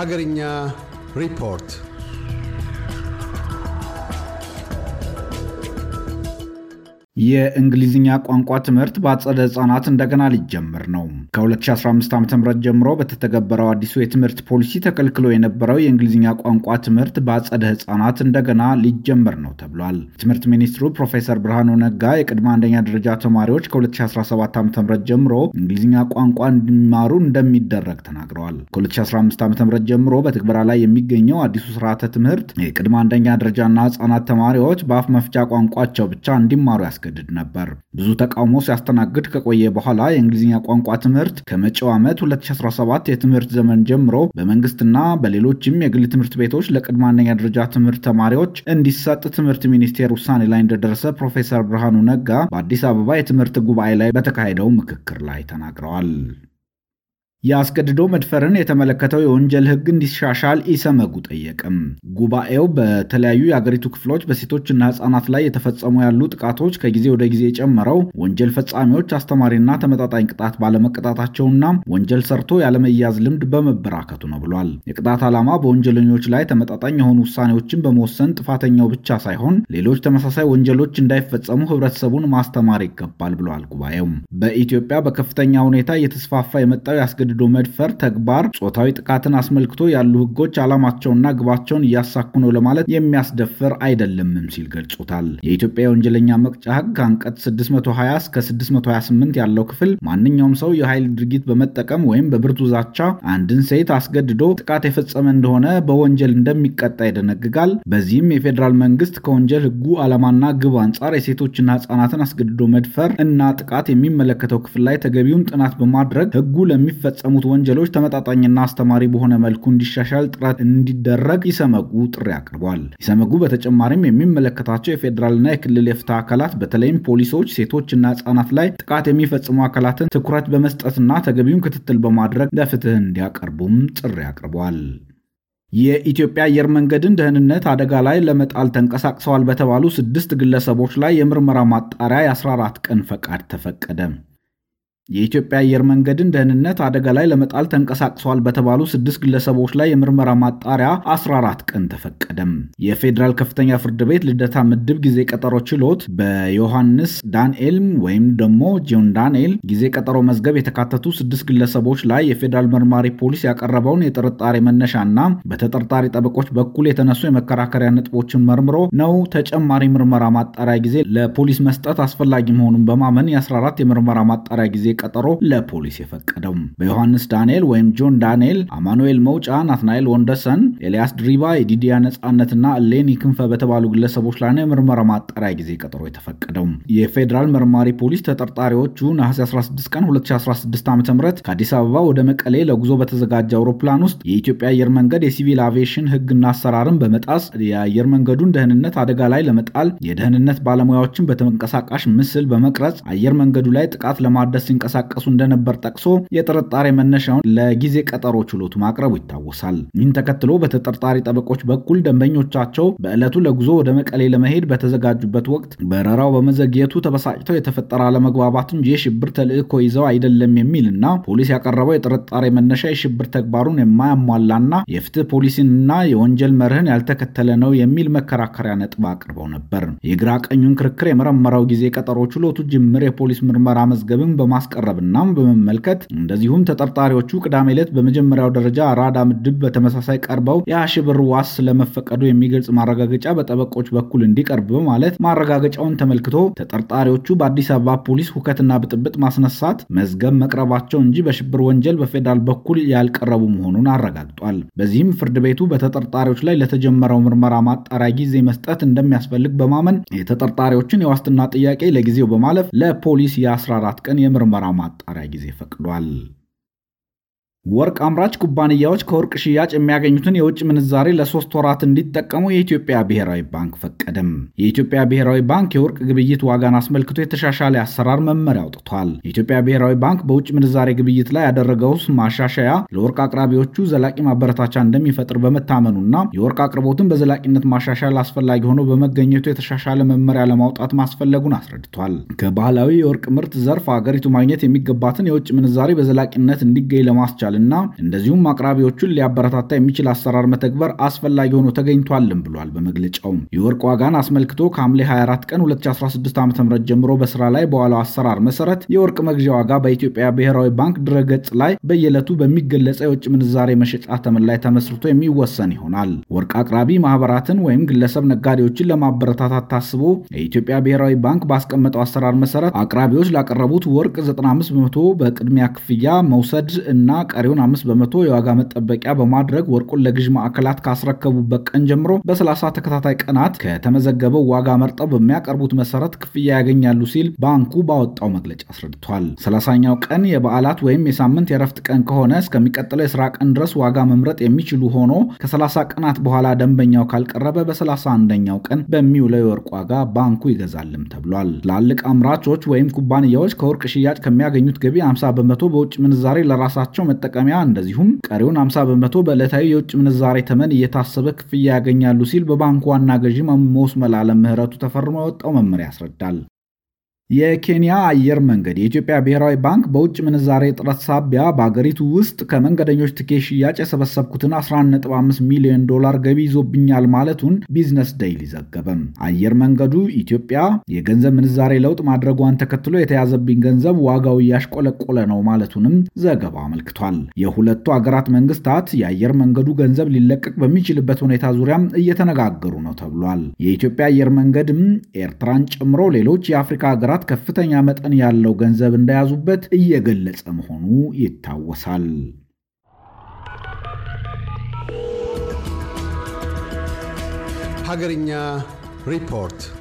Hagerinya Report የእንግሊዝኛ ቋንቋ ትምህርት በአጸደ ህጻናት እንደገና ሊጀምር ነው። ከ2015 ዓ ም ጀምሮ በተተገበረው አዲሱ የትምህርት ፖሊሲ ተከልክሎ የነበረው የእንግሊዝኛ ቋንቋ ትምህርት በአጸደ ህጻናት እንደገና ሊጀምር ነው ተብሏል። ትምህርት ሚኒስትሩ ፕሮፌሰር ብርሃኑ ነጋ የቅድመ አንደኛ ደረጃ ተማሪዎች ከ2017 ዓ ም ጀምሮ እንግሊዝኛ ቋንቋ እንዲማሩ እንደሚደረግ ተናግረዋል። ከ2015 ዓ ም ጀምሮ በትግበራ ላይ የሚገኘው አዲሱ ስርዓተ ትምህርት የቅድመ አንደኛ ደረጃና ህጻናት ተማሪዎች በአፍ መፍቻ ቋንቋቸው ብቻ እንዲማሩ ያስገ ሲያስገድድ ነበር። ብዙ ተቃውሞ ሲያስተናግድ ከቆየ በኋላ የእንግሊዝኛ ቋንቋ ትምህርት ከመጪው ዓመት 2017 የትምህርት ዘመን ጀምሮ በመንግስትና በሌሎችም የግል ትምህርት ቤቶች ለቅድመ አንደኛ ደረጃ ትምህርት ተማሪዎች እንዲሰጥ ትምህርት ሚኒስቴር ውሳኔ ላይ እንደደረሰ ፕሮፌሰር ብርሃኑ ነጋ በአዲስ አበባ የትምህርት ጉባኤ ላይ በተካሄደው ምክክር ላይ ተናግረዋል። የአስገድዶ መድፈርን የተመለከተው የወንጀል ሕግ እንዲሻሻል ኢሰመጉ ጠየቅም። ጉባኤው በተለያዩ የአገሪቱ ክፍሎች በሴቶችና ሕጻናት ላይ የተፈጸሙ ያሉ ጥቃቶች ከጊዜ ወደ ጊዜ የጨመረው ወንጀል ፈጻሚዎች አስተማሪና ተመጣጣኝ ቅጣት ባለመቀጣታቸውና ወንጀል ሰርቶ ያለመያዝ ልምድ በመበራከቱ ነው ብሏል። የቅጣት ዓላማ በወንጀለኞች ላይ ተመጣጣኝ የሆኑ ውሳኔዎችን በመወሰን ጥፋተኛው ብቻ ሳይሆን ሌሎች ተመሳሳይ ወንጀሎች እንዳይፈጸሙ ህብረተሰቡን ማስተማር ይገባል ብለዋል። ጉባኤው በኢትዮጵያ በከፍተኛ ሁኔታ እየተስፋፋ የመጣው አስገድዶ መድፈር ተግባር፣ ጾታዊ ጥቃትን አስመልክቶ ያሉ ህጎች ዓላማቸውና ግባቸውን እያሳኩ ነው ለማለት የሚያስደፍር አይደለምም ሲል ገልጾታል። የኢትዮጵያ የወንጀለኛ መቅጫ ህግ አንቀጽ 620 እስከ 628 ያለው ክፍል ማንኛውም ሰው የኃይል ድርጊት በመጠቀም ወይም በብርቱ ዛቻ አንድን ሴት አስገድዶ ጥቃት የፈጸመ እንደሆነ በወንጀል እንደሚቀጣ ይደነግጋል። በዚህም የፌዴራል መንግስት ከወንጀል ህጉ ዓላማና ግብ አንጻር የሴቶችና ህጻናትን አስገድዶ መድፈር እና ጥቃት የሚመለከተው ክፍል ላይ ተገቢውን ጥናት በማድረግ ህጉ ለሚፈጸ የሚፈጸሙት ወንጀሎች ተመጣጣኝና አስተማሪ በሆነ መልኩ እንዲሻሻል ጥረት እንዲደረግ ኢሰመጉ ጥሪ አቅርቧል። ኢሰመጉ በተጨማሪም የሚመለከታቸው የፌዴራልና የክልል የፍትህ አካላት በተለይም ፖሊሶች፣ ሴቶችና ህጻናት ላይ ጥቃት የሚፈጽሙ አካላትን ትኩረት በመስጠትና ተገቢውን ክትትል በማድረግ ለፍትህ እንዲያቀርቡም ጥሪ አቅርቧል። የኢትዮጵያ አየር መንገድን ደህንነት አደጋ ላይ ለመጣል ተንቀሳቅሰዋል በተባሉ ስድስት ግለሰቦች ላይ የምርመራ ማጣሪያ የ14 ቀን ፈቃድ ተፈቀደ። የኢትዮጵያ አየር መንገድን ደህንነት አደጋ ላይ ለመጣል ተንቀሳቅሷል በተባሉ ስድስት ግለሰቦች ላይ የምርመራ ማጣሪያ 14 ቀን ተፈቀደም። የፌዴራል ከፍተኛ ፍርድ ቤት ልደታ ምድብ ጊዜ ቀጠሮ ችሎት በዮሐንስ ዳንኤል ወይም ደግሞ ጆን ዳንኤል ጊዜ ቀጠሮ መዝገብ የተካተቱ ስድስት ግለሰቦች ላይ የፌዴራል መርማሪ ፖሊስ ያቀረበውን የጥርጣሬ መነሻና በተጠርጣሪ ጠበቆች በኩል የተነሱ የመከራከሪያ ነጥቦችን መርምሮ ነው ተጨማሪ ምርመራ ማጣሪያ ጊዜ ለፖሊስ መስጠት አስፈላጊ መሆኑን በማመን የ14 የምርመራ ማጣሪያ ጊዜ ቀጠሮ ለፖሊስ የፈቀደው። በዮሐንስ ዳንኤል ወይም ጆን ዳንኤል፣ አማኑኤል መውጫ፣ ናትናኤል ወንደሰን፣ ኤልያስ ድሪባ፣ የዲዲያ ነጻነትና ሌኒ ክንፈ በተባሉ ግለሰቦች ላይ ነው የምርመራ ማጣሪያ ጊዜ ቀጠሮ የተፈቀደው። የፌዴራል መርማሪ ፖሊስ ተጠርጣሪዎቹ ነሐሴ 16 ቀን 2016 ዓ ም ከአዲስ አበባ ወደ መቀሌ ለጉዞ በተዘጋጀ አውሮፕላን ውስጥ የኢትዮጵያ አየር መንገድ የሲቪል አቪዬሽን ህግና አሰራርን በመጣስ የአየር መንገዱን ደህንነት አደጋ ላይ ለመጣል የደህንነት ባለሙያዎችን በተንቀሳቃሽ ምስል በመቅረጽ አየር መንገዱ ላይ ጥቃት ለማድረስ ሲንቀሳቀሱ እንደነበር ጠቅሶ የጥርጣሬ መነሻውን ለጊዜ ቀጠሮ ችሎቱ ማቅረቡ ይታወሳል። ይህን ተከትሎ በተጠርጣሪ ጠበቆች በኩል ደንበኞቻቸው በዕለቱ ለጉዞ ወደ መቀሌ ለመሄድ በተዘጋጁበት ወቅት በረራው በመዘግየቱ ተበሳጭተው የተፈጠረ አለመግባባት እንጂ የሽብር ተልዕኮ ይዘው አይደለም የሚልና ፖሊስ ያቀረበው የጥርጣሬ መነሻ የሽብር ተግባሩን የማያሟላና የፍትህ ፖሊሲንና የወንጀል መርህን ያልተከተለ ነው የሚል መከራከሪያ ነጥብ አቅርበው ነበር። የግራ ቀኙን ክርክር የመረመረው ጊዜ ቀጠሮ ችሎቱ ጅምር የፖሊስ ምርመራ መዝገብን በማስቀ ማቅረብና በመመልከት እንደዚሁም ተጠርጣሪዎቹ ቅዳሜ ዕለት በመጀመሪያው ደረጃ አራዳ ምድብ በተመሳሳይ ቀርበው የአሽብር ብር ዋስ ስለመፈቀዱ የሚገልጽ ማረጋገጫ በጠበቆች በኩል እንዲቀርብ በማለት ማረጋገጫውን ተመልክቶ ተጠርጣሪዎቹ በአዲስ አበባ ፖሊስ ሁከትና ብጥብጥ ማስነሳት መዝገብ መቅረባቸው እንጂ በሽብር ወንጀል በፌዴራል በኩል ያልቀረቡ መሆኑን አረጋግጧል። በዚህም ፍርድ ቤቱ በተጠርጣሪዎች ላይ ለተጀመረው ምርመራ ማጣሪያ ጊዜ መስጠት እንደሚያስፈልግ በማመን የተጠርጣሪዎችን የዋስትና ጥያቄ ለጊዜው በማለፍ ለፖሊስ የ14 ቀን የምርመራ የምርመራ ማጣሪያ ጊዜ ፈቅዷል። ወርቅ አምራች ኩባንያዎች ከወርቅ ሽያጭ የሚያገኙትን የውጭ ምንዛሬ ለሶስት ወራት እንዲጠቀሙ የኢትዮጵያ ብሔራዊ ባንክ ፈቀደም። የኢትዮጵያ ብሔራዊ ባንክ የወርቅ ግብይት ዋጋን አስመልክቶ የተሻሻለ አሰራር መመሪያ አውጥቷል። የኢትዮጵያ ብሔራዊ ባንክ በውጭ ምንዛሬ ግብይት ላይ ያደረገው ማሻሻያ ለወርቅ አቅራቢዎቹ ዘላቂ ማበረታቻ እንደሚፈጥር በመታመኑና የወርቅ አቅርቦትን በዘላቂነት ማሻሻል አስፈላጊ ሆኖ በመገኘቱ የተሻሻለ መመሪያ ለማውጣት ማስፈለጉን አስረድቷል። ከባህላዊ የወርቅ ምርት ዘርፍ አገሪቱ ማግኘት የሚገባትን የውጭ ምንዛሬ በዘላቂነት እንዲገኝ ለማስቻል እና እንደዚሁም አቅራቢዎቹን ሊያበረታታ የሚችል አሰራር መተግበር አስፈላጊ ሆኖ ተገኝቷልም ብሏል በመግለጫው። የወርቅ ዋጋን አስመልክቶ ከሐምሌ 24 ቀን 2016 ዓ ም ጀምሮ በስራ ላይ በዋለው አሰራር መሰረት የወርቅ መግዣ ዋጋ በኢትዮጵያ ብሔራዊ ባንክ ድረገጽ ላይ በየዕለቱ በሚገለጸ የውጭ ምንዛሬ መሸጫ ተመን ላይ ተመስርቶ የሚወሰን ይሆናል። ወርቅ አቅራቢ ማህበራትን ወይም ግለሰብ ነጋዴዎችን ለማበረታታት ታስቦ የኢትዮጵያ ብሔራዊ ባንክ ባስቀመጠው አሰራር መሰረት አቅራቢዎች ላቀረቡት ወርቅ 95 በመቶ በቅድሚያ ክፍያ መውሰድ እና ቀሪውን አምስት በመቶ የዋጋ መጠበቂያ በማድረግ ወርቁን ለግዥ ማዕከላት ካስረከቡበት ቀን ጀምሮ በ30 ተከታታይ ቀናት ከተመዘገበው ዋጋ መርጠው በሚያቀርቡት መሰረት ክፍያ ያገኛሉ ሲል ባንኩ ባወጣው መግለጫ አስረድቷል ሰላሳኛው ቀን የበዓላት ወይም የሳምንት የረፍት ቀን ከሆነ እስከሚቀጥለው የስራ ቀን ድረስ ዋጋ መምረጥ የሚችሉ ሆኖ ከ30 ቀናት በኋላ ደንበኛው ካልቀረበ በ31ኛው ቀን በሚውለው የወርቅ ዋጋ ባንኩ ይገዛልም ተብሏል። ትላልቅ አምራቾች ወይም ኩባንያዎች ከወርቅ ሽያጭ ከሚያገኙት ገቢ 50 በመቶ በውጭ ምንዛሬ ለራሳቸው መጠቀ መጠቀሚያ እንደዚሁም ቀሪውን 50 በመቶ በዕለታዊ የውጭ ምንዛሬ ተመን እየታሰበ ክፍያ ያገኛሉ ሲል በባንኩ ዋና ገዢ መመስ መላለም ምህረቱ ተፈርሞ የወጣው መመሪያ ያስረዳል። የኬንያ አየር መንገድ የኢትዮጵያ ብሔራዊ ባንክ በውጭ ምንዛሬ ጥረት ሳቢያ በአገሪቱ ውስጥ ከመንገደኞች ትኬት ሽያጭ የሰበሰብኩትን 15 ሚሊዮን ዶላር ገቢ ይዞብኛል ማለቱን ቢዝነስ ዴይሊ ዘገበም። አየር መንገዱ ኢትዮጵያ የገንዘብ ምንዛሬ ለውጥ ማድረጓን ተከትሎ የተያዘብኝ ገንዘብ ዋጋው እያሽቆለቆለ ነው ማለቱንም ዘገባው አመልክቷል። የሁለቱ አገራት መንግስታት የአየር መንገዱ ገንዘብ ሊለቀቅ በሚችልበት ሁኔታ ዙሪያም እየተነጋገሩ ነው ተብሏል። የኢትዮጵያ አየር መንገድም ኤርትራን ጨምሮ ሌሎች የአፍሪካ ሀገራት ለማስገባት ከፍተኛ መጠን ያለው ገንዘብ እንደያዙበት እየገለጸ መሆኑ ይታወሳል። ሀገርኛ ሪፖርት